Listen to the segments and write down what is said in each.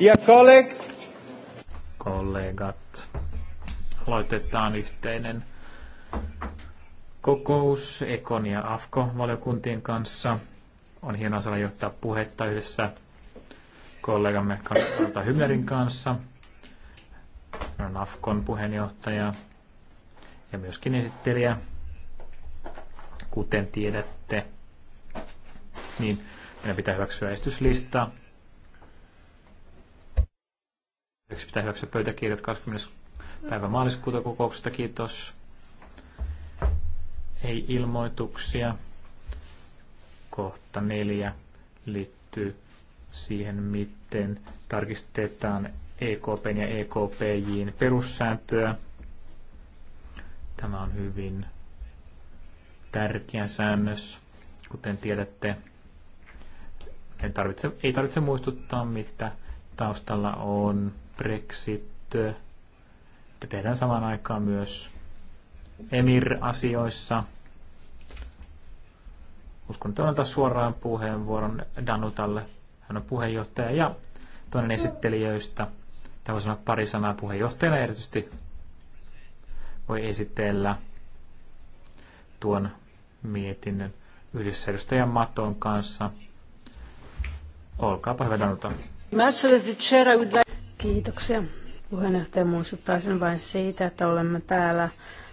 Ja colleague. Kollegat, aloitetaan yhteinen kokous Ekon ja AFKO-valiokuntien kanssa. On hienoa saada johtaa puhetta yhdessä kollegamme Kanta Hymnerin kanssa. Hän on AFKon puheenjohtaja ja myöskin esittelijä, kuten tiedätte. Niin, meidän pitää hyväksyä esityslista Lisäksi pitää hyväksyä pöytäkirjat 20. päivä maaliskuuta kokouksesta. Kiitos. Ei ilmoituksia. Kohta neljä liittyy siihen, miten tarkistetaan EKP ja EKPJin perussääntöä. Tämä on hyvin tärkeä säännös, kuten tiedätte. En tarvitse, ei tarvitse muistuttaa, mitä taustalla on. Brexit. Te tehdään samaan aikaan myös Emir-asioissa. Uskon, että antaa suoraan puheenvuoron Danutalle. Hän on puheenjohtaja ja toinen esittelijöistä. Tämä voi sanoa pari sanaa puheenjohtajana erityisesti voi esitellä tuon mietinnön yhdessä edustajan Maton kanssa. Olkaapa hyvä Danuta. Kiitoksia. Puheenjohtaja muistuttaisin vain siitä, että olemme täällä.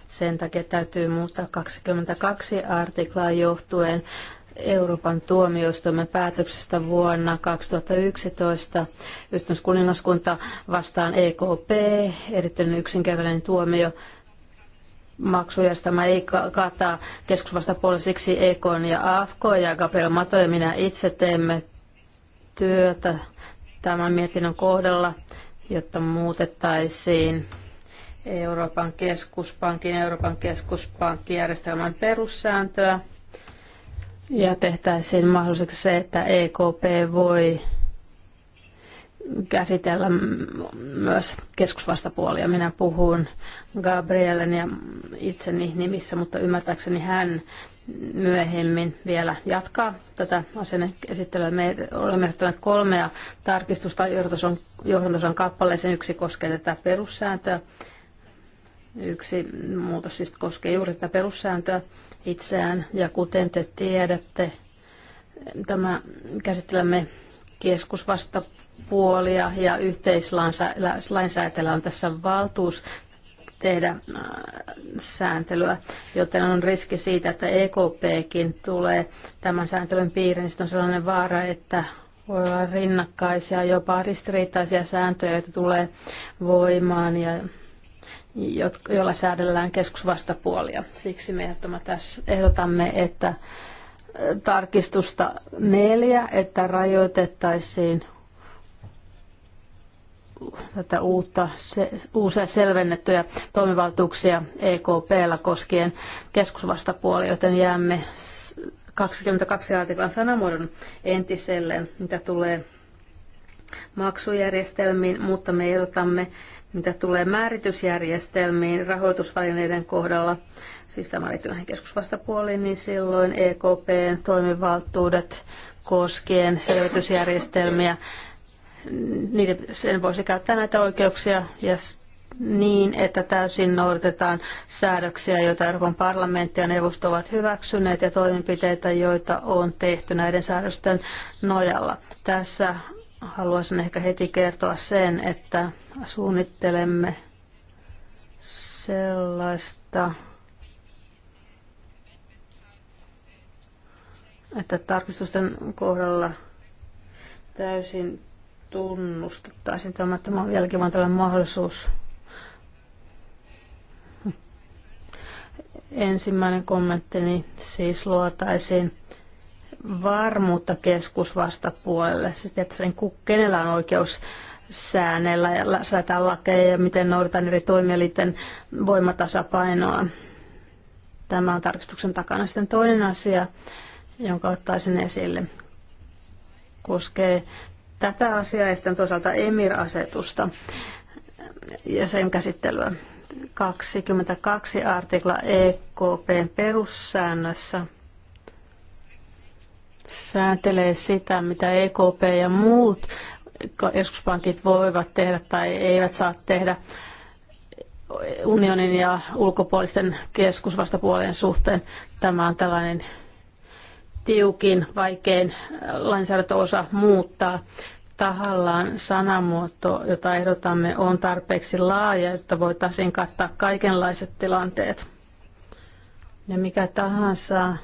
Sen takia täytyy muuttaa 22 artiklaa johtuen Euroopan tuomioistuimen päätöksestä vuonna 2011. Yhdistyskuningaskunta vastaan EKP, erityinen yksinkertainen tuomio, maksujärjestelmä ei kata keskusvastapuolella, siksi EK ja AFK ja Gabriel Mato ja minä itse teemme työtä tämän mietinnön kohdalla, jotta muutettaisiin Euroopan keskuspankin, Euroopan keskuspankkijärjestelmän perussääntöä ja tehtäisiin mahdolliseksi se, että EKP voi käsitellä myös keskusvastapuolia. Minä puhun Gabrielen ja itseni nimissä, mutta ymmärtääkseni hän myöhemmin vielä jatkaa tätä asian esittelyä. Me olemme ehdottaneet kolmea tarkistusta johdantoson, kappaleeseen. Yksi koskee tätä perussääntöä. Yksi muutos siis koskee juuri tätä perussääntöä itseään. Ja kuten te tiedätte, tämä käsittelemme keskusvastapuolia puolia ja yhteislainsäätäjällä on tässä valtuus tehdä äh, sääntelyä, joten on riski siitä, että EKPkin tulee tämän sääntelyn piirin, niin on sellainen vaara, että voi olla rinnakkaisia, jopa ristiriitaisia sääntöjä, joita tulee voimaan ja joilla säädellään keskusvastapuolia. Siksi me tässä ehdotamme, että äh, tarkistusta neljä, että rajoitettaisiin tätä uutta, se, uusia selvennettyjä toimivaltuuksia EKPllä koskien keskusvastapuoli, joten jäämme 22 artiklan sanamuodon entiselle, mitä tulee maksujärjestelmiin, mutta me ehdotamme, mitä tulee määritysjärjestelmiin rahoitusvälineiden kohdalla, siis tämä liittyy näihin keskusvastapuoliin, niin silloin EKPn toimivaltuudet koskien selvitysjärjestelmiä niiden, sen voisi käyttää näitä oikeuksia ja niin, että täysin noudatetaan säädöksiä, joita Euroopan parlamentti ja neuvosto ovat hyväksyneet ja toimenpiteitä, joita on tehty näiden säädösten nojalla. Tässä haluaisin ehkä heti kertoa sen, että suunnittelemme sellaista, että tarkistusten kohdalla täysin tunnustettaisiin tämä, tämä on vieläkin vain tällainen mahdollisuus. Ensimmäinen kommenttini siis luotaisiin varmuutta keskusvastapuolelle, siis että sen, kenellä on oikeus säännellä ja säätää lakeja ja miten noudataan eri toimielinten voimatasapainoa. Tämä on tarkistuksen takana. Sitten toinen asia, jonka ottaisin esille, koskee tätä asiaa ja sitten toisaalta EMIR-asetusta ja sen käsittelyä. 22 artikla EKPn perussäännössä sääntelee sitä, mitä EKP ja muut keskuspankit voivat tehdä tai eivät saa tehdä unionin ja ulkopuolisten keskusvastapuolen suhteen. Tämä on tällainen tiukin, vaikein lainsäädäntöosa muuttaa. Tahallaan sanamuoto, jota ehdotamme, on tarpeeksi laaja, että voitaisiin kattaa kaikenlaiset tilanteet. Ja mikä tahansa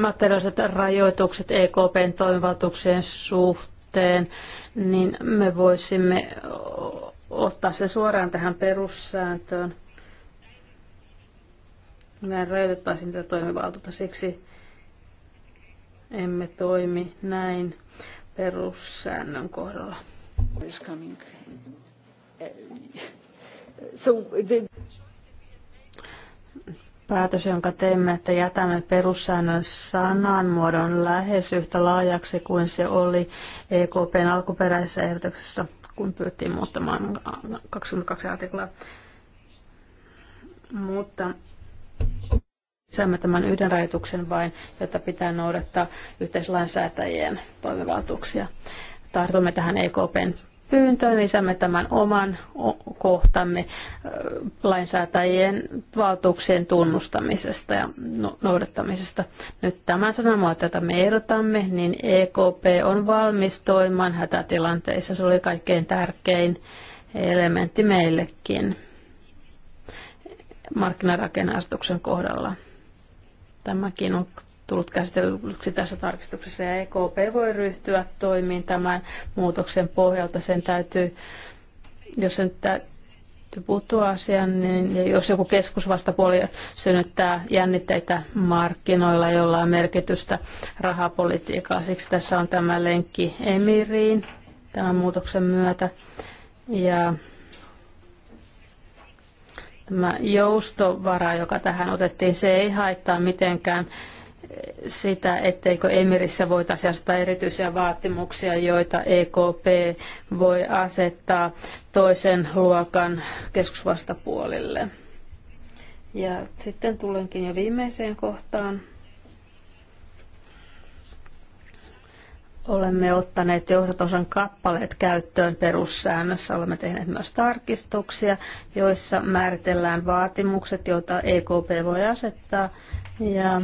materiaaliset rajoitukset EKPn toimivaltuuksien suhteen, niin me voisimme ottaa se suoraan tähän perussääntöön. Me rajoitettaisiin tätä toimivaltuutta. Siksi emme toimi näin perussäännön kohdalla. Eh, Päätös, jonka teimme, että jätämme perussäännön sananmuodon lähes yhtä laajaksi kuin se oli EKPn alkuperäisessä ehdotuksessa, kun pyyttiin muuttamaan 22 artiklaa. Mutta Saamme tämän yhden rajoituksen vain, jotta pitää noudattaa yhteislainsäätäjien toimivaltuuksia. Tartumme tähän EKPn pyyntöön, lisäämme tämän oman kohtamme lainsäätäjien valtuuksien tunnustamisesta ja no- noudattamisesta. Nyt tämän sanamuoto, jota me ehdotamme, niin EKP on valmis toimimaan hätätilanteissa. Se oli kaikkein tärkein elementti meillekin markkinarakenneastuksen kohdalla. Tämäkin on tullut käsitellyksi tässä tarkistuksessa ja EKP voi ryhtyä toimiin tämän muutoksen pohjalta. Sen täytyy, jos sen täytyy puuttua asiaan, niin jos joku keskusvastapuoli synnyttää jännitteitä markkinoilla, jolla on merkitystä rahapolitiikkaa, siksi tässä on tämä lenkki Emiriin tämän muutoksen myötä. Ja Tämä joustovara, joka tähän otettiin, se ei haittaa mitenkään sitä, etteikö Emirissä voitaisiin asettaa erityisiä vaatimuksia, joita EKP voi asettaa toisen luokan keskusvastapuolille. Ja sitten tulenkin jo viimeiseen kohtaan. Olemme ottaneet johdatosan kappaleet käyttöön perussäännössä. Olemme tehneet myös tarkistuksia, joissa määritellään vaatimukset, joita EKP voi asettaa. Ja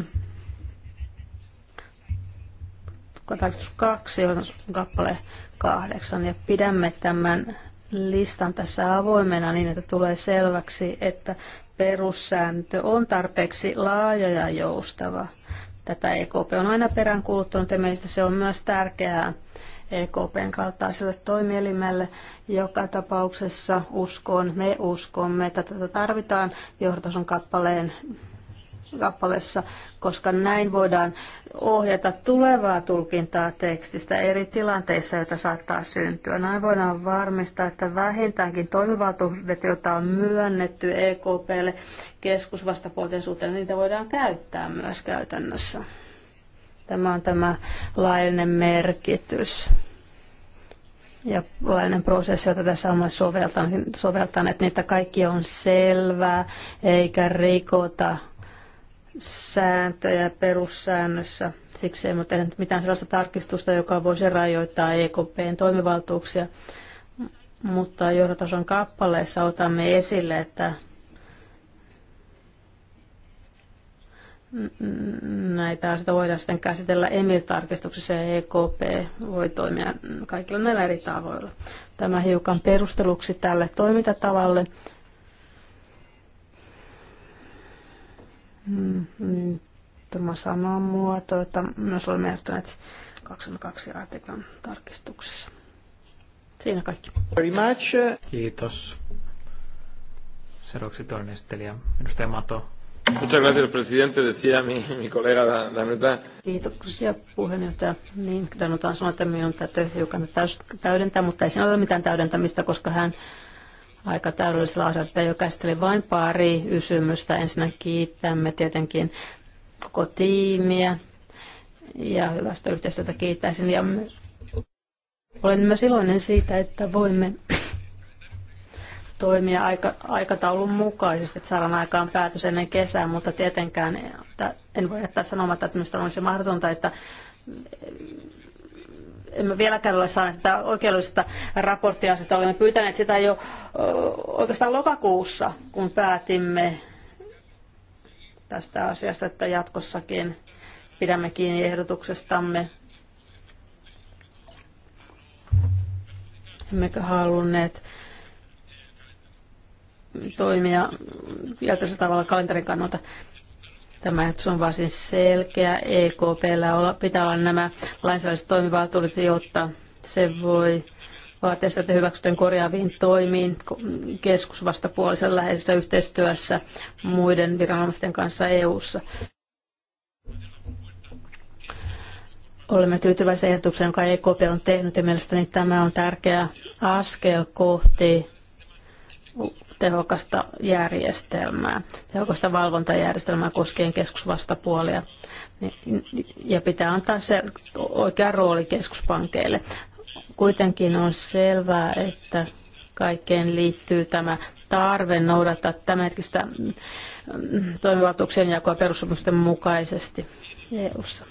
tarkistus kaksi on kappale kahdeksan. Ja pidämme tämän listan tässä avoimena niin, että tulee selväksi, että perussääntö on tarpeeksi laaja ja joustava. Tätä EKP on aina peräänkuuluttanut ja meistä se on myös tärkeää EKPn kaltaiselle toimielimelle. Joka tapauksessa uskon, me uskomme, että tätä tarvitaan johdotason kappaleen kappaleessa, koska näin voidaan ohjata tulevaa tulkintaa tekstistä eri tilanteissa, joita saattaa syntyä. Näin voidaan varmistaa, että vähintäänkin toimivaltuudet, joita on myönnetty EKPlle keskusvastapuolten suhteen, niitä voidaan käyttää myös käytännössä. Tämä on tämä laillinen merkitys ja lainen prosessi, jota tässä on soveltanut, että niitä kaikki on selvää, eikä rikota sääntöjä perussäännössä. Siksi emme tehdä mitään sellaista tarkistusta, joka voisi rajoittaa EKPn toimivaltuuksia. Mutta johdotason kappaleessa otamme esille, että näitä asioita voidaan sitten käsitellä EMIR-tarkistuksessa ja EKP voi toimia kaikilla näillä eri tavoilla. Tämä hiukan perusteluksi tälle toimintatavalle Mm, mm, tämä sama muoto, että myös olemme jättäneet 22 artiklan tarkistuksessa. Siinä kaikki. Very much. Kiitos. Seuraavaksi toinen esittelijä, edustaja Mato. Muchas gracias, presidente, decía mi, mi colega Danuta. Kiitoksia puheenjohtaja. Niin, Danuta on sanonut, että minun täytyy hiukan täydentää, mutta ei siinä ole mitään täydentämistä, koska hän aika täydellisellä asetta, jo käsitteli vain pari kysymystä. Ensinnä kiitämme tietenkin koko tiimiä ja hyvästä yhteistyötä kiittäisin. Ja olen myös iloinen siitä, että voimme toimia aika, aikataulun mukaisesti, että saadaan aikaan päätös ennen kesää, mutta tietenkään en voi jättää sanomatta, että minusta olisi mahdotonta, että emme vieläkään ole saaneet tätä oikeudellista raporttia asiasta. Olemme pyytäneet sitä jo oikeastaan lokakuussa, kun päätimme tästä asiasta, että jatkossakin pidämme kiinni ehdotuksestamme. Emmekö halunneet toimia kielteisellä tavalla kalenterin kannalta. Tämä on varsin selkeä. EKPllä pitää olla nämä lainsäädännölliset toimivaltuudet, jotta se voi vaatia sitä, että hyväksytyn korjaaviin toimiin keskusvastapuolisen läheisessä yhteistyössä muiden viranomaisten kanssa EU-ssa. Olemme tyytyväisiä ehdotukseen, jonka EKP on tehnyt ja mielestäni tämä on tärkeä askel kohti tehokasta järjestelmää, tehokasta valvontajärjestelmää koskien keskusvastapuolia. Niin- ja pitää antaa se oikea rooli keskuspankeille. Kuitenkin on selvää, että kaikkeen liittyy tämä tarve noudattaa hetkistä mm, toimivaltuuksien jakoa perussopimusten mukaisesti EU-ssa.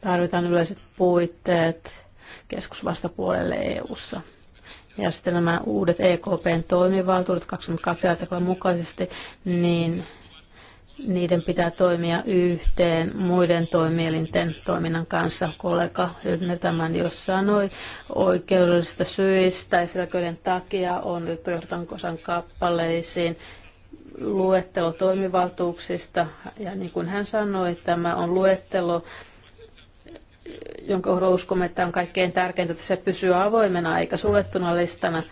Tarvitaan yleiset puitteet keskusvastapuolelle EU-ssa. Ja sitten nämä uudet EKPn toimivaltuudet 22 artiklan mukaisesti, niin niiden pitää toimia yhteen muiden toimielinten toiminnan kanssa. Kollega Hyrner tämän jo sanoi oikeudellisista syistä ja selkeyden takia on nyt johdankosan kappaleisiin luettelo toimivaltuuksista. Ja niin kuin hän sanoi, tämä on luettelo jonka kohdalla uskomme, että on kaikkein tärkeintä, että se pysyy avoimena eikä suljettuna listana.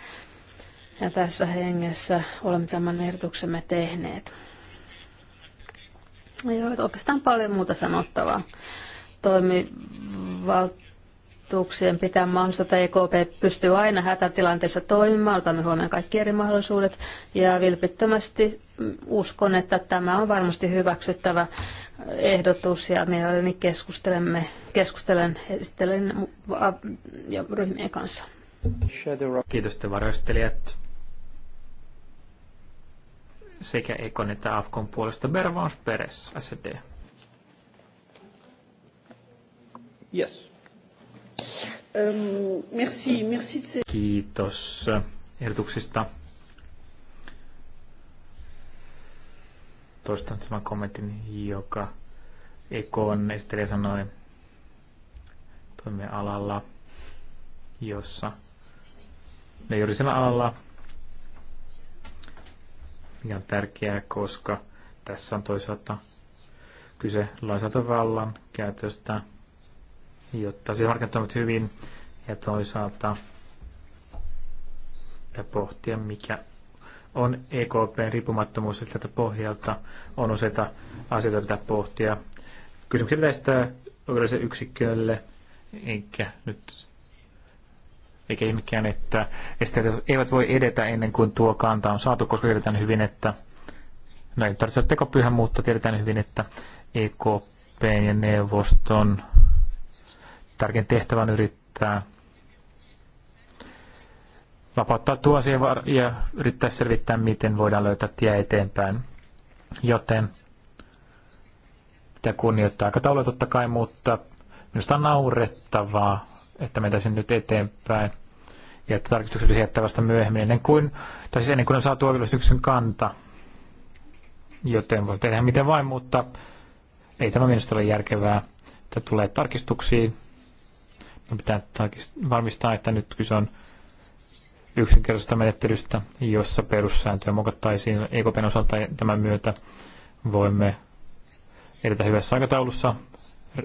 Ja tässä hengessä olemme tämän ehdotuksemme tehneet. Ei ole oikeastaan paljon muuta sanottavaa. Toimivaltuuksien pitää mahdollista, että EKP pystyy aina hätätilanteessa toimimaan. Otamme huomioon kaikki eri mahdollisuudet ja vilpittömästi uskon, että tämä on varmasti hyväksyttävä ehdotus ja mielelläni keskustelemme, keskustelen esittelen ja ryhmien kanssa. Kiitos te varoistelijat sekä Ekon että Afkon puolesta Bervans Peres, SD. Yes. Um, merci, merci. Kiitos ehdotuksista. toistan saman kommentin, joka Ekon mm. esittelijä sanoi alalla, jossa ne juuri sillä alalla, mikä on tärkeää, koska tässä on toisaalta kyse lainsäädäntövallan käytöstä, jotta se markkinat toimivat hyvin ja toisaalta pohtia, mikä on EKPn riippumattomuus, eli siis tältä pohjalta on useita asioita pitää pohtia. Kysymyksiä pitäisi estää oikeudelliselle yksikölle, eikä nyt eikä ihmekään, että esteet eivät voi edetä ennen kuin tuo kanta on saatu, koska tiedetään hyvin, että no ei tarvitse olla tekopyhä, mutta tiedetään hyvin, että EKP ja neuvoston tärkein tehtävä on yrittää vapauttaa tuo asia ja yrittää selvittää, miten voidaan löytää tie eteenpäin. Joten pitää kunnioittaa aikataulua totta kai, mutta minusta on naurettavaa, että mentäisiin nyt eteenpäin ja että tarkistukset jättää vasta myöhemmin, ennen kuin, tai siis ennen kuin on saatu oikeudellisen kanta. Joten voi tehdä miten vain, mutta ei tämä minusta ole järkevää. että tulee tarkistuksiin. Niin Me pitää tarkist- varmistaa, että nyt kyse on yksinkertaisesta menettelystä, jossa perussääntöjä mukattaisiin EKPn osalta tämän myötä voimme edetä hyvässä aikataulussa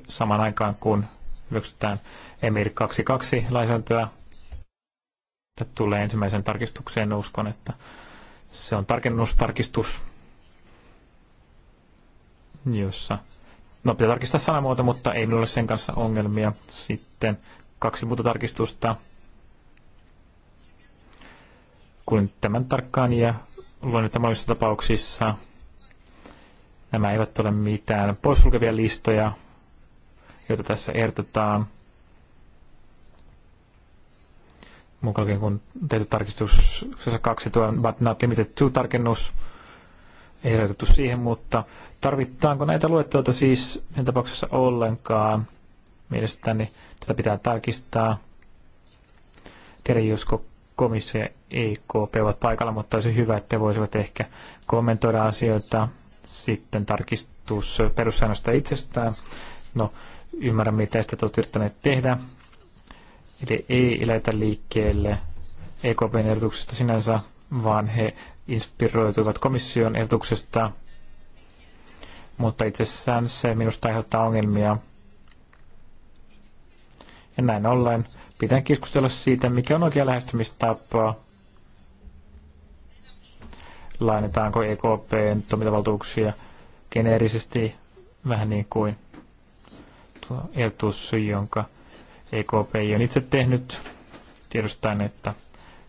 samaan aikaan, kun hyväksytään EMIR 22 lainsäädäntöä. Tätä tulee ensimmäisen tarkistukseen, uskon, että se on tarkennustarkistus, jossa... No, pitää tarkistaa sanamuoto, mutta ei minulla ole sen kanssa ongelmia. Sitten kaksi muuta tarkistusta kuin tämän tarkkaan ja luulen, että monissa tapauksissa nämä eivät ole mitään poissulkevia listoja, joita tässä ehdotetaan. Mukaan kun tehty tarkistus 2 tuo but not limited to tarkennus ei ehdotettu siihen, mutta tarvitaanko näitä luettelota siis sen tapauksessa ollenkaan? Mielestäni tätä pitää tarkistaa. Tiedä, josko komissio EKP ovat paikalla, mutta olisi hyvä, että voisivat ehkä kommentoida asioita. Sitten tarkistus perussäännöstä itsestään. No, ymmärrän, mitä sitä olet yrittäneet tehdä. Eli ei lähdetä liikkeelle EKPn ehdotuksesta sinänsä, vaan he inspiroituivat komission ehdotuksesta, mutta itsessään se minusta aiheuttaa ongelmia. Ja näin ollen pitää keskustella siitä, mikä on oikea lähestymistapa lainataanko EKPn toimintavaltuuksia geneerisesti vähän niin kuin tuo ehdotus, jonka EKP on itse tehnyt. Tiedostan, että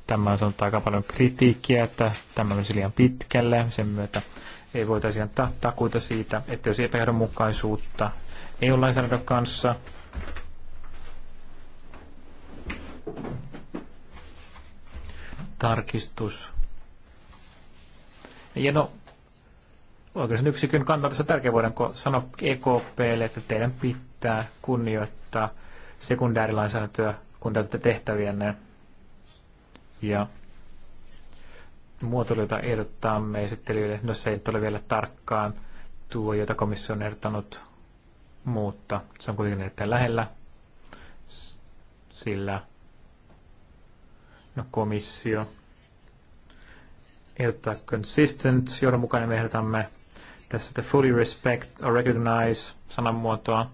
tämä on sanottu aika paljon kritiikkiä, että tämä olisi liian pitkälle. Sen myötä ei voitaisi antaa takuita siitä, että jos epäjohdonmukaisuutta ei ole lainsäädännön kanssa, tarkistus ja no, yksi yksikön kannalta se tärkeä, voidaan sanoa EKPlle, että teidän pitää kunnioittaa sekundäärilainsäädäntöä, kun täytätte tehtäviänne. Ja muotoilu, jota ehdottamme esittelijöille, no se ei ole vielä tarkkaan tuo, jota komissio on ehdottanut muutta. Se on kuitenkin erittäin lähellä, sillä no, komissio ehdottaa consistent, johdonmukainen me ehdotamme tässä the fully respect or recognize sanamuotoa,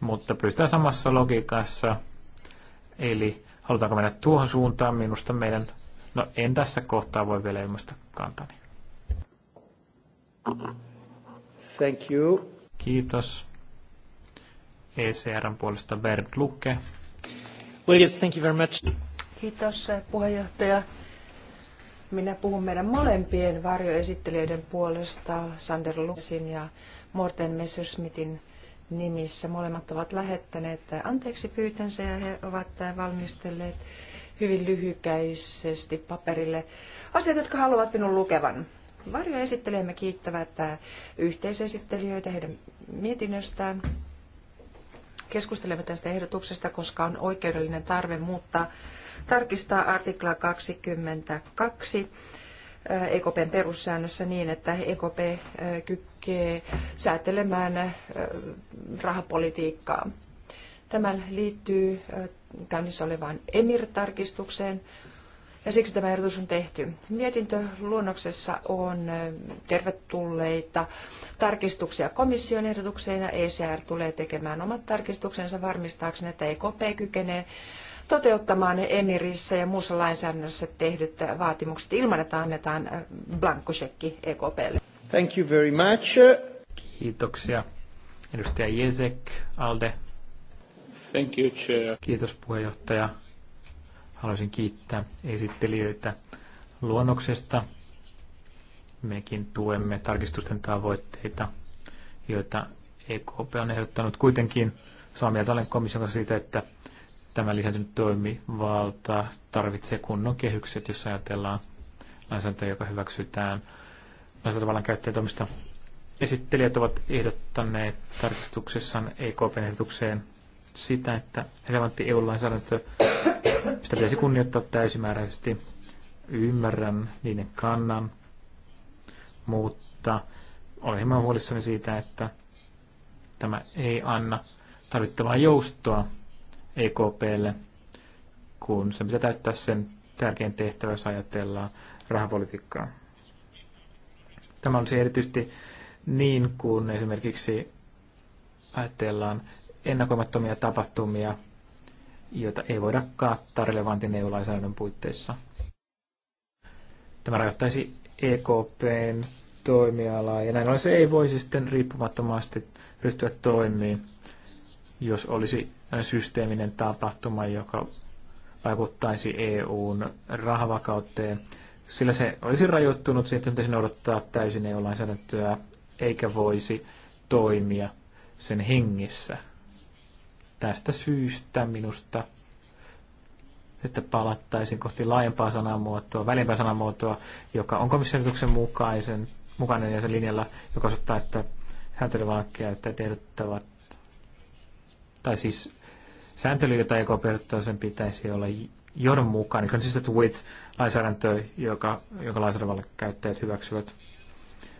mutta pystytään samassa logiikassa. Eli halutaanko mennä tuohon suuntaan minusta meidän, no en tässä kohtaa voi vielä ilmaista kantani. Thank you. Kiitos. ECRn puolesta Bernd Lucke. Well, yes, thank you very much. Kiitos eh, puheenjohtaja. Minä puhun meidän molempien varjoesittelijöiden puolesta, Sander Luxin ja Morten Messerschmittin nimissä. Molemmat ovat lähettäneet anteeksi pyytänsä ja he ovat valmistelleet hyvin lyhykäisesti paperille asiat, jotka haluavat minun lukevan. Varjoesittelijämme kiittävät yhteisesittelijöitä heidän mietinnöstään. Keskustelemme tästä ehdotuksesta, koska on oikeudellinen tarve muuttaa tarkistaa artikla 22 EKPn eh, e perussäännössä niin, että EKP eh, kykkee säätelemään eh, rahapolitiikkaa. Tämä liittyy käynnissä olevaan EMIR-tarkistukseen, ja siksi tämä ehdotus on tehty. Mietintöluonnoksessa on tervetulleita tarkistuksia komission ehdotukseen ja ECR tulee tekemään omat tarkistuksensa varmistaakseen, että EKP kykenee toteuttamaan Emirissä ja muussa lainsäädännössä tehdyt vaatimukset ilman, että annetaan äh, blankkosekki EKPlle. Thank you very much. Kiitoksia. Edustaja Jezek Alde. Thank you, Chair. Kiitos puheenjohtaja. Haluaisin kiittää esittelijöitä luonnoksesta. Mekin tuemme tarkistusten tavoitteita, joita EKP on ehdottanut. Kuitenkin samaa mieltä olen komission kanssa siitä, että tämä lisääntynyt toimivalta tarvitsee kunnon kehykset, jos ajatellaan lainsäädäntöä, joka hyväksytään lainsäädäntövallan käyttäjätoimista. Esittelijät ovat ehdottaneet tarkistuksessaan ekp ehdotukseen sitä, että relevantti EU-lainsäädäntö, sitä pitäisi kunnioittaa täysimääräisesti. Ymmärrän niiden kannan, mutta olen hieman huolissani siitä, että tämä ei anna tarvittavaa joustoa EKPlle, kun se pitää täyttää sen tärkein tehtävä, jos ajatellaan rahapolitiikkaa. Tämä olisi erityisesti niin, kun esimerkiksi ajatellaan ennakoimattomia tapahtumia, joita ei voida kattaa relevantin EU-lainsäädännön puitteissa. Tämä rajoittaisi EKPn toimialaa, ja näin ollen se ei voisi sitten riippumattomasti ryhtyä toimiin jos olisi systeeminen tapahtuma, joka vaikuttaisi EUn rahavakauteen, sillä se olisi rajoittunut sitten, että se noudattaa täysin EU-lainsäädäntöä, eikä voisi toimia sen hengissä. Tästä syystä minusta, että palattaisiin kohti laajempaa sanamuotoa, välimpää sanamuotoa, joka on komissionituksen mukaisen, mukainen ja sen linjalla, joka osoittaa, että että tehtävät tai siis sääntely, jota EKP sen pitäisi olla johdonmukainen, niin consistent with lainsäädäntö, joka, joka lainsäädännöllä käyttäjät hyväksyvät.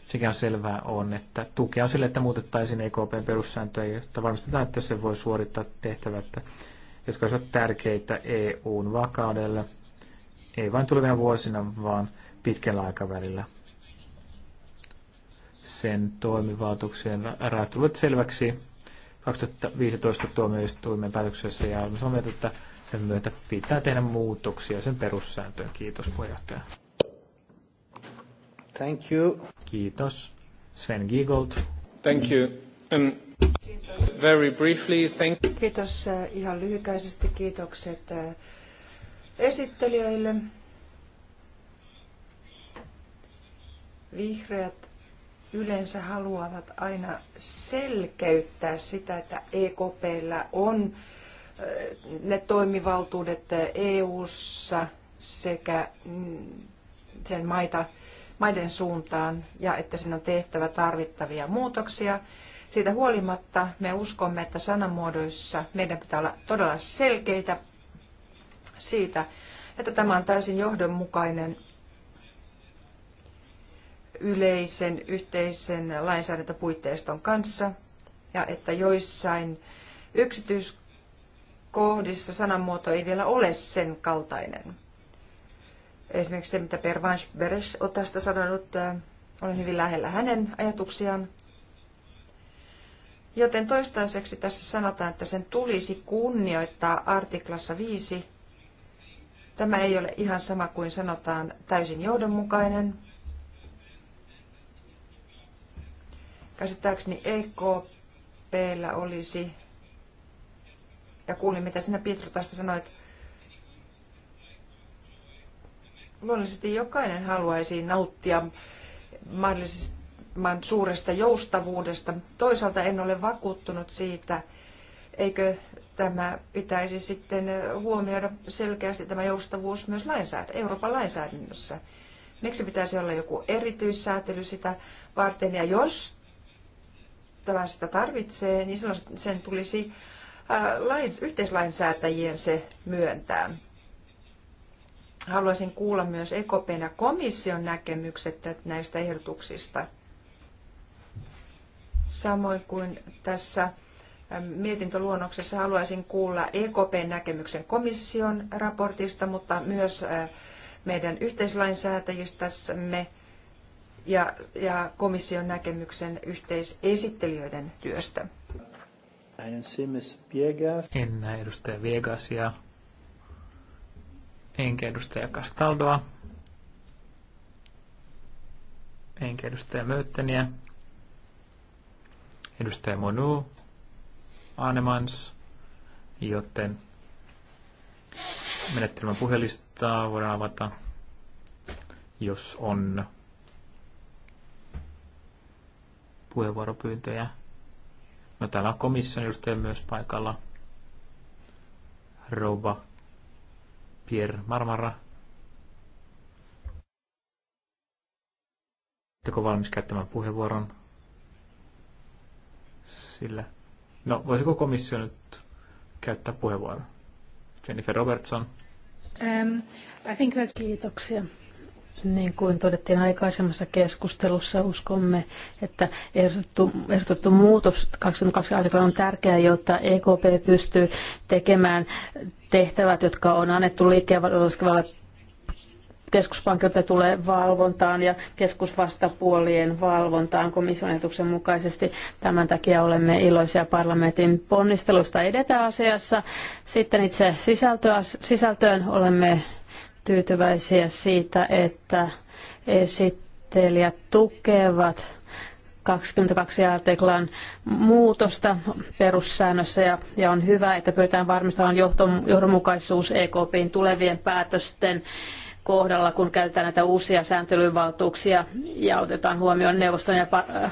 Sekä on selvää on, että tukea on sille, että muutettaisiin ekp perussääntöjä, jotta varmistetaan, että se voi suorittaa tehtävät, jotka olisivat tärkeitä EUn vakaudelle, ei vain tulevina vuosina, vaan pitkällä aikavälillä. Sen toimivaltuuksien rajat tulevat selväksi 2015 tuomioistuimen päätöksessä ja olemme samaa mieltä, että sen myötä pitää tehdä muutoksia sen perussääntöön. Kiitos puheenjohtaja. Thank you. Kiitos. Sven Giegold. Thank you. Um, very briefly, thank Kiitos äh, ihan lyhykäisesti. Kiitokset äh, esittelijöille. Vihreät yleensä haluavat aina selkeyttää sitä, että EKPllä on äh, ne toimivaltuudet äh, EU-ssa sekä mm, sen maita, maiden suuntaan ja että siinä on tehtävä tarvittavia muutoksia. Siitä huolimatta me uskomme, että sanamuodoissa meidän pitää olla todella selkeitä siitä, että tämä on täysin johdonmukainen yleisen yhteisen lainsäädäntöpuitteiston kanssa ja että joissain yksityiskohdissa sanamuoto ei vielä ole sen kaltainen. Esimerkiksi se, mitä Per Beres on tästä sanonut, on hyvin lähellä hänen ajatuksiaan. Joten toistaiseksi tässä sanotaan, että sen tulisi kunnioittaa artiklassa 5. Tämä ei ole ihan sama kuin sanotaan täysin johdonmukainen, Käsittääkseni EKPllä olisi, ja kuulin mitä sinä Pietro tästä sanoit, luonnollisesti jokainen haluaisi nauttia mahdollisimman suuresta joustavuudesta. Toisaalta en ole vakuuttunut siitä, eikö tämä pitäisi sitten huomioida selkeästi tämä joustavuus myös lainsäädä, Euroopan lainsäädännössä. Miksi pitäisi olla joku erityissäätely sitä varten? Ja jos tämä sitä tarvitsee, niin silloin sen tulisi lain, yhteislainsäätäjien se myöntää. Haluaisin kuulla myös EKPn ja komission näkemykset näistä ehdotuksista. Samoin kuin tässä mietintöluonnoksessa haluaisin kuulla EKPn näkemyksen komission raportista, mutta myös meidän yhteislainsäätäjistämme ja, ja komission näkemyksen yhteisesittelijöiden työstä. En näe edustaja Viegasia, enkä edustaja Castaldoa, enkä edustaja Möytteniä, edustaja Monu, Anemans, joten menettelmän puhelistaa voidaan avata, jos on puheenvuoropyyntöjä. No täällä on komission edustaja myös paikalla. Rouva Pierre Marmara. Oletteko valmis käyttämään puheenvuoron? Sillä. No, voisiko komissio nyt käyttää puheenvuoron? Jennifer Robertson. Um, I think that's... Kiitoksia. Niin kuin todettiin aikaisemmassa keskustelussa, uskomme, että ehdotettu, ehdotettu muutos 22 artikla on tärkeää, jotta EKP pystyy tekemään tehtävät, jotka on annettu liikkeenvalvottavalle keskuspankilta tulee valvontaan ja keskusvastapuolien valvontaan komission ehdotuksen mukaisesti. Tämän takia olemme iloisia parlamentin ponnistelusta edetä asiassa. Sitten itse sisältöön olemme tyytyväisiä siitä, että esittelijät tukevat 22 artiklan muutosta perussäännössä ja, ja on hyvä, että pyritään varmistamaan johdonmukaisuus EKPin tulevien päätösten kohdalla, kun käytetään näitä uusia sääntelyvaltuuksia ja otetaan huomioon neuvoston ja par-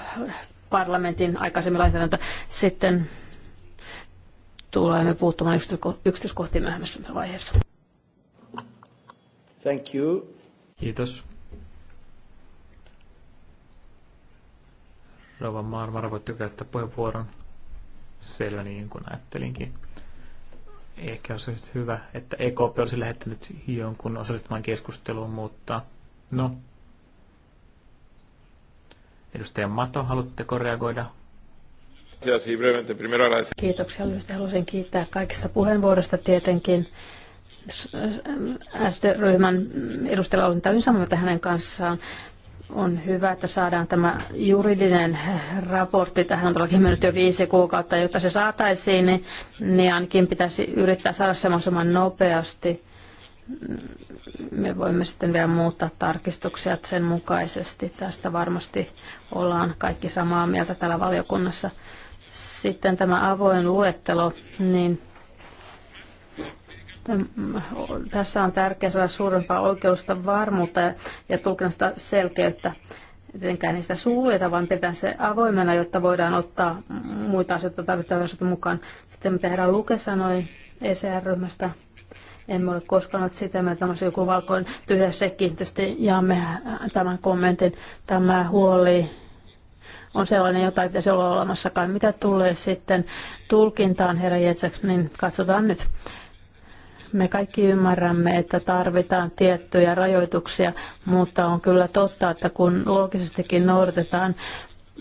parlamentin aikaisemmin lainsäädäntö. Sitten tulemme puuttumaan yksityiskohtiin myöhemmässä vaiheessa. Thank you. Kiitos. Rova Marmara, voitte käyttää puheenvuoron. Selvä niin kuin ajattelinkin. Ehkä olisi nyt hyvä, että EKP olisi lähettänyt jonkun osallistumaan keskusteluun, mutta no. Edustaja Mato, haluatteko reagoida Kiitoksia lyhyesti. Haluaisin kiittää kaikista puheenvuoroista tietenkin. ST-ryhmän edustajalla olen täysin samaa mieltä hänen kanssaan. On hyvä, että saadaan tämä juridinen raportti. Tähän on todellakin mennyt jo viisi kuukautta, jotta se saataisiin, niin, niin ainakin pitäisi yrittää saada se mahdollisimman nopeasti. Me voimme sitten vielä muuttaa tarkistuksia sen mukaisesti. Tästä varmasti ollaan kaikki samaa mieltä täällä valiokunnassa. Sitten tämä avoin luettelo, niin Mm, tässä on tärkeää saada suurempaa oikeusta varmuutta ja tulkinnasta selkeyttä. Tietenkään niistä suljeta, vaan pidetään se avoimena, jotta voidaan ottaa muita asioita tarvittavasti mukaan. Sitten mitä herra Luke sanoi ECR-ryhmästä, emme ole koskaan ollut sitä että tämmöisen joku valkoinen tyhjä sekki. Tietysti jaamme tämän kommentin. Tämä huoli on sellainen, jota ei pitäisi olla olemassakaan. Mitä tulee sitten tulkintaan, herra Jetsek, niin katsotaan nyt. Me kaikki ymmärrämme, että tarvitaan tiettyjä rajoituksia, mutta on kyllä totta, että kun loogisestikin noudatetaan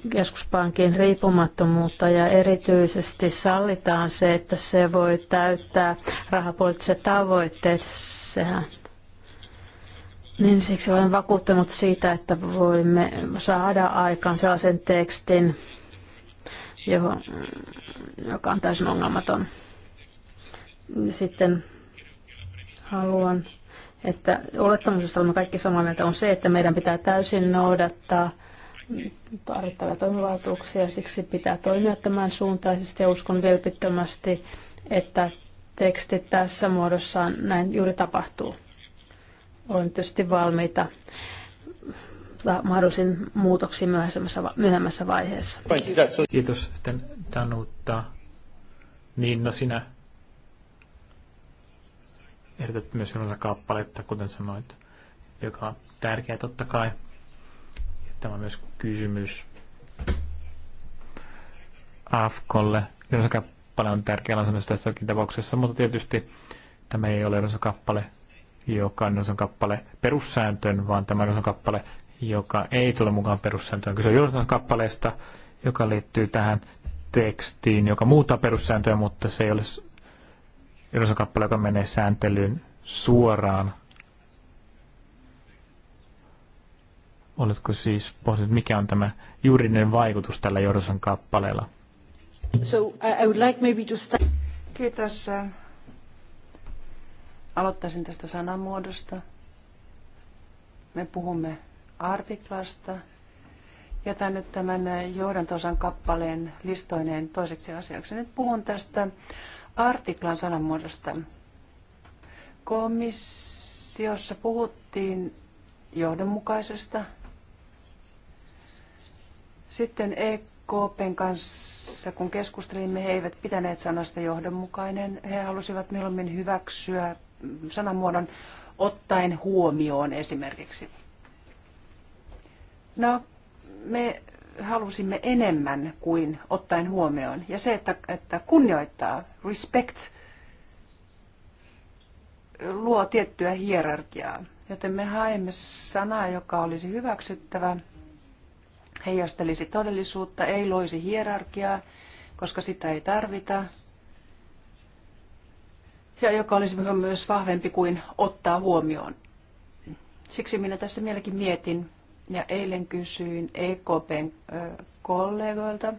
keskuspankin riippumattomuutta ja erityisesti sallitaan se, että se voi täyttää rahapoliittiset tavoitteet, sehän niin siksi olen vakuuttunut siitä, että voimme saada aikaan sellaisen tekstin, johon, joka on täysin ongelmaton. Sitten haluan, että olettamus, olemme kaikki samaa mieltä, on se, että meidän pitää täysin noudattaa tarvittavia toimivaltuuksia. Siksi pitää toimia tämän suuntaisesti ja uskon vilpittömästi, että teksti tässä muodossaan näin juuri tapahtuu. Olen tietysti valmiita mahdollisiin muutoksiin myöhemmässä, myöhemmässä vaiheessa. Kiitos sitten Tanutta. Niin, no sinä ehdotat myös kappaletta, kuten sanoit, joka on tärkeä totta kai. Tämä on myös kysymys AFKolle. Kappale on tärkeä lausunnossa tässäkin tapauksessa, mutta tietysti tämä ei ole kappale, joka on kappale perussääntöön, vaan tämä on kappale, joka ei tule mukaan perussääntöön. Kyse on kappaleesta, joka liittyy tähän tekstiin, joka muuttaa perussääntöä, mutta se ei ole jos on kappale, joka menee sääntelyyn suoraan. Oletko siis pohtinut, mikä on tämä juridinen vaikutus tällä Jorson kappaleella? So, I would like maybe to start... Kiitos. Aloittaisin tästä sanamuodosta. Me puhumme artiklasta, jätän nyt tämän johdantosan kappaleen listoineen toiseksi asiaksi. Nyt puhun tästä artiklan sanamuodosta. Komissiossa puhuttiin johdonmukaisesta. Sitten EKPn kanssa, kun keskustelimme, he eivät pitäneet sanasta johdonmukainen. He halusivat mieluummin hyväksyä sanamuodon ottaen huomioon esimerkiksi. No, me halusimme enemmän kuin ottaen huomioon. Ja se, että, että kunnioittaa, respect, luo tiettyä hierarkiaa. Joten me haemme sanaa, joka olisi hyväksyttävä, heijastelisi todellisuutta, ei loisi hierarkiaa, koska sitä ei tarvita. Ja joka olisi myös vahvempi kuin ottaa huomioon. Siksi minä tässä mielekin mietin, ja eilen kysyin EKPn kollegoilta,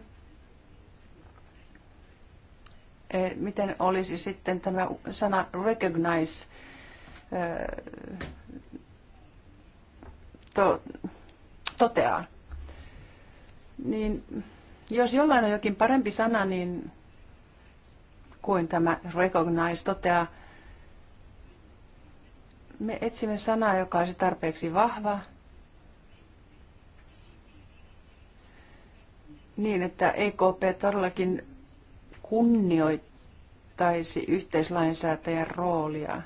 e, miten olisi sitten tämä sana recognize to, toteaa. Niin jos jollain on jokin parempi sana, niin kuin tämä recognize toteaa, me etsimme sanaa, joka olisi tarpeeksi vahva, niin, että EKP todellakin kunnioittaisi yhteislainsäätäjän roolia.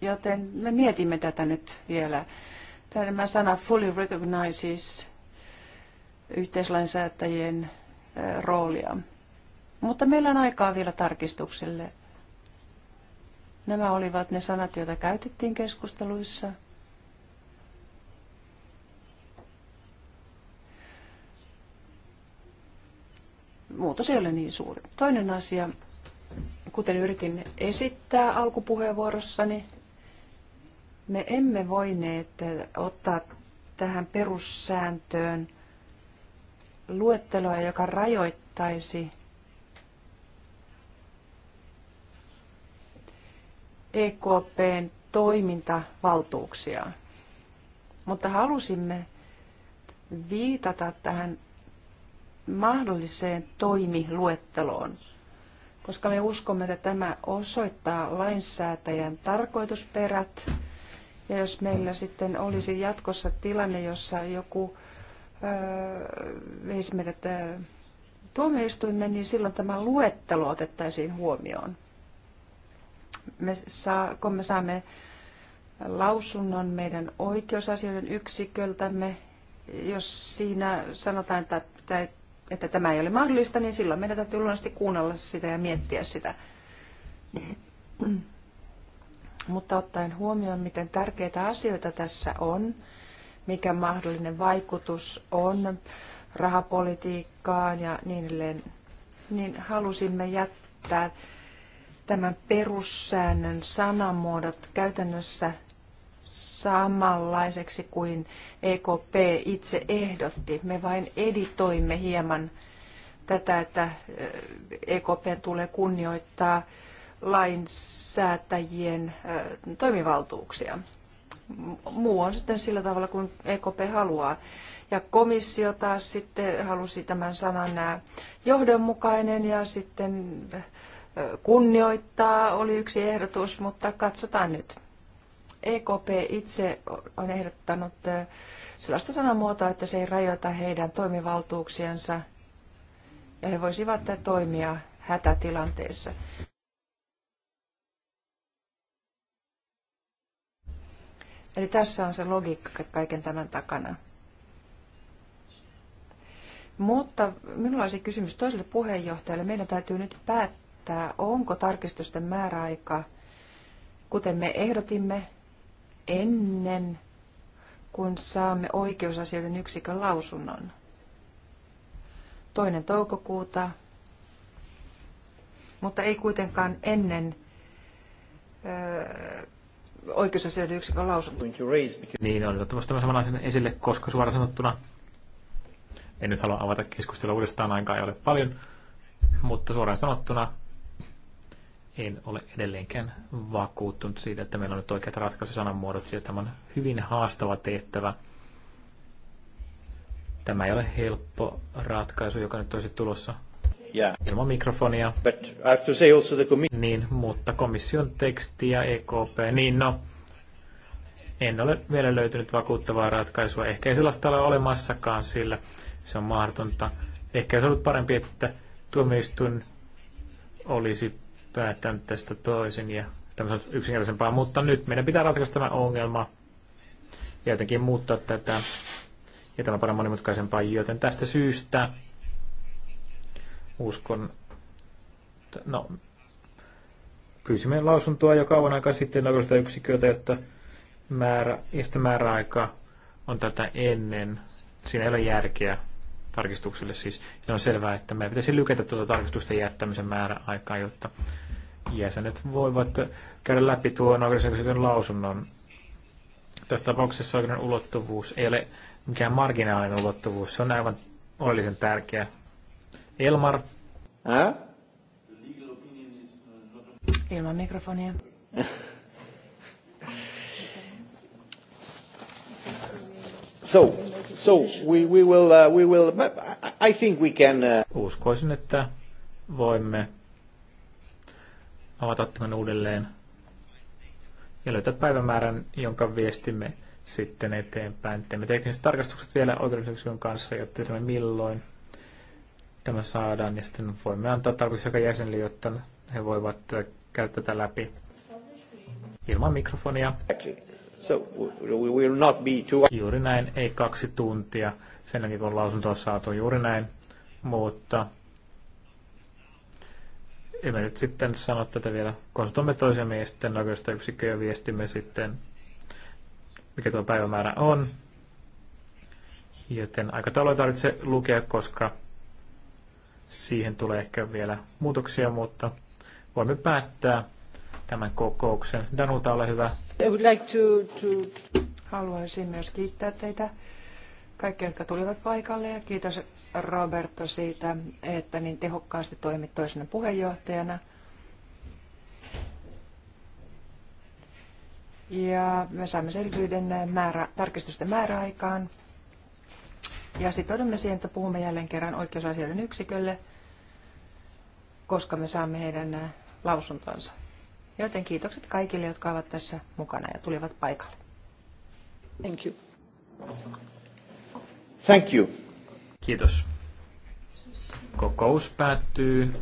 Joten me mietimme tätä nyt vielä. Tämä sana fully recognizes yhteislainsäätäjien roolia. Mutta meillä on aikaa vielä tarkistukselle. Nämä olivat ne sanat, joita käytettiin keskusteluissa. muutos ei ole niin suuri. Toinen asia, kuten yritin esittää alkupuheenvuorossani, me emme voineet ottaa tähän perussääntöön luetteloa, joka rajoittaisi EKPn toimintavaltuuksia. Mutta halusimme viitata tähän mahdolliseen toimiluetteloon, koska me uskomme, että tämä osoittaa lainsäätäjän tarkoitusperät. Ja jos meillä sitten olisi jatkossa tilanne, jossa joku öö, veisi meidät öö, niin silloin tämä luettelo otettaisiin huomioon. Me saa, kun me saamme lausunnon meidän oikeusasioiden yksiköltämme, jos siinä sanotaan, että että tämä ei ole mahdollista, niin silloin meidän täytyy luonnollisesti kuunnella sitä ja miettiä sitä. Mutta ottaen huomioon, miten tärkeitä asioita tässä on, mikä mahdollinen vaikutus on rahapolitiikkaan ja niin edelleen, niin halusimme jättää tämän perussäännön sanamuodot käytännössä samanlaiseksi kuin EKP itse ehdotti. Me vain editoimme hieman tätä, että EKP eh, e tulee kunnioittaa lainsäätäjien eh, toimivaltuuksia. Muu on sitten sillä tavalla kuin EKP haluaa. Ja komissio taas sitten halusi tämän sanan nämä eh, johdonmukainen ja sitten kunnioittaa oli yksi ehdotus, mutta katsotaan nyt. EKP itse on ehdottanut eh, sellaista sanamuotoa, että se ei rajoita heidän toimivaltuuksiensa ja he voisivat toimia hätätilanteessa. Eli tässä on se logiikka kaiken tämän takana. Mutta minulla olisi kysymys toiselle puheenjohtajalle. Meidän täytyy nyt päättää, onko tarkistusten määräaika, kuten me ehdotimme, ennen kuin saamme oikeusasioiden yksikön lausunnon. Toinen toukokuuta, mutta ei kuitenkaan ennen öö, oikeusasioiden yksikön lausuntoa. Niin, on ottamassa tämän samanlaisen esille, koska suoraan sanottuna en nyt halua avata keskustelua uudestaan, ainakaan ei ole paljon, mutta suoraan sanottuna en ole edelleenkään vakuuttunut siitä, että meillä on nyt oikeat ratkaisusanamuodot, sillä tämä on hyvin haastava tehtävä. Tämä ei ole helppo ratkaisu, joka nyt olisi tulossa yeah. ilman mikrofonia. But I have to say also the niin, mutta komission teksti ja EKP, niin no, en ole vielä löytynyt vakuuttavaa ratkaisua. Ehkä ei sellaista ole olemassakaan, sillä se on mahdotonta. Ehkä olisi ollut parempi, että tuomioistuin olisi päättänyt tästä toisin ja tämmöisen yksinkertaisempaa, mutta nyt meidän pitää ratkaista tämä ongelma ja jotenkin muuttaa tätä ja tämä on paljon monimutkaisempaa, joten tästä syystä uskon, no, pyysimme lausuntoa jo kauan aikaa sitten oikeastaan yksiköitä, jotta määrä, ja sitä määräaika on tätä ennen. Siinä ei ole järkeä tarkistuksille siis. Se on selvää, että meidän pitäisi lykätä tuota tarkistusten jättämisen määrä aikaa, jotta jäsenet voivat käydä läpi tuon oikeusjärjestelmän lausunnon. Tässä tapauksessa oikeuden ulottuvuus ei ole mikään marginaalinen ulottuvuus, se on aivan oleellisen tärkeä. Elmar. Ää? Ilman mikrofonia. so, So, we, we will, uh, we will, I think we can... Uh... Uskoisin, että voimme avata tämän uudelleen ja löytää päivämäärän, jonka viestimme sitten eteenpäin. Teemme tekniset tarkastukset vielä oikeudellisyyksikön kanssa, jotta tiedämme milloin tämä saadaan. Ja sitten voimme antaa tarpeeksi joka jäsenille, jotta he voivat käyttää tätä läpi ilman mikrofonia. So we will not be too... Juuri näin, ei kaksi tuntia. Sen jälkeen kun lausunto on saatu juuri näin, mutta emme nyt sitten sano tätä vielä. Konsultoimme toisemme ja sitten oikeastaan yksikkö ja viestimme sitten, mikä tuo päivämäärä on. Joten aikataulu ei tarvitse lukea, koska siihen tulee ehkä vielä muutoksia, mutta voimme päättää tämän kokouksen. Danuta, ole hyvä. I would like to, to... Haluaisin myös kiittää teitä kaikkia, jotka tulivat paikalle ja kiitos Roberto siitä, että niin tehokkaasti toimit toisena puheenjohtajana. Ja me saamme selvyyden määrä, tarkistusten määräaikaan. Ja sitoudumme siihen, että puhumme jälleen kerran oikeusasioiden yksikölle, koska me saamme heidän lausuntonsa. Joten kiitokset kaikille, jotka ovat tässä mukana ja tulivat paikalle. Thank you. Thank you. Kiitos. Kokous päättyy.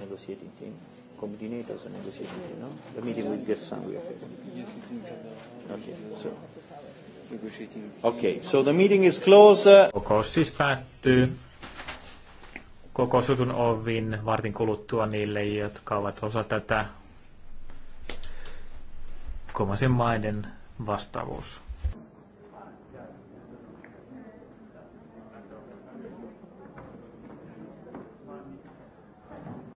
Negotiating team. Coordinators are negotiating team, no? The meeting with Gersan. Yes, it's in Okay, so. Okay, so the meeting is closed. Uh, Kokous siis päättyy koko sutun ovin vartin kuluttua niille, jotka ovat osa tätä kolmansien maiden vastaavuus.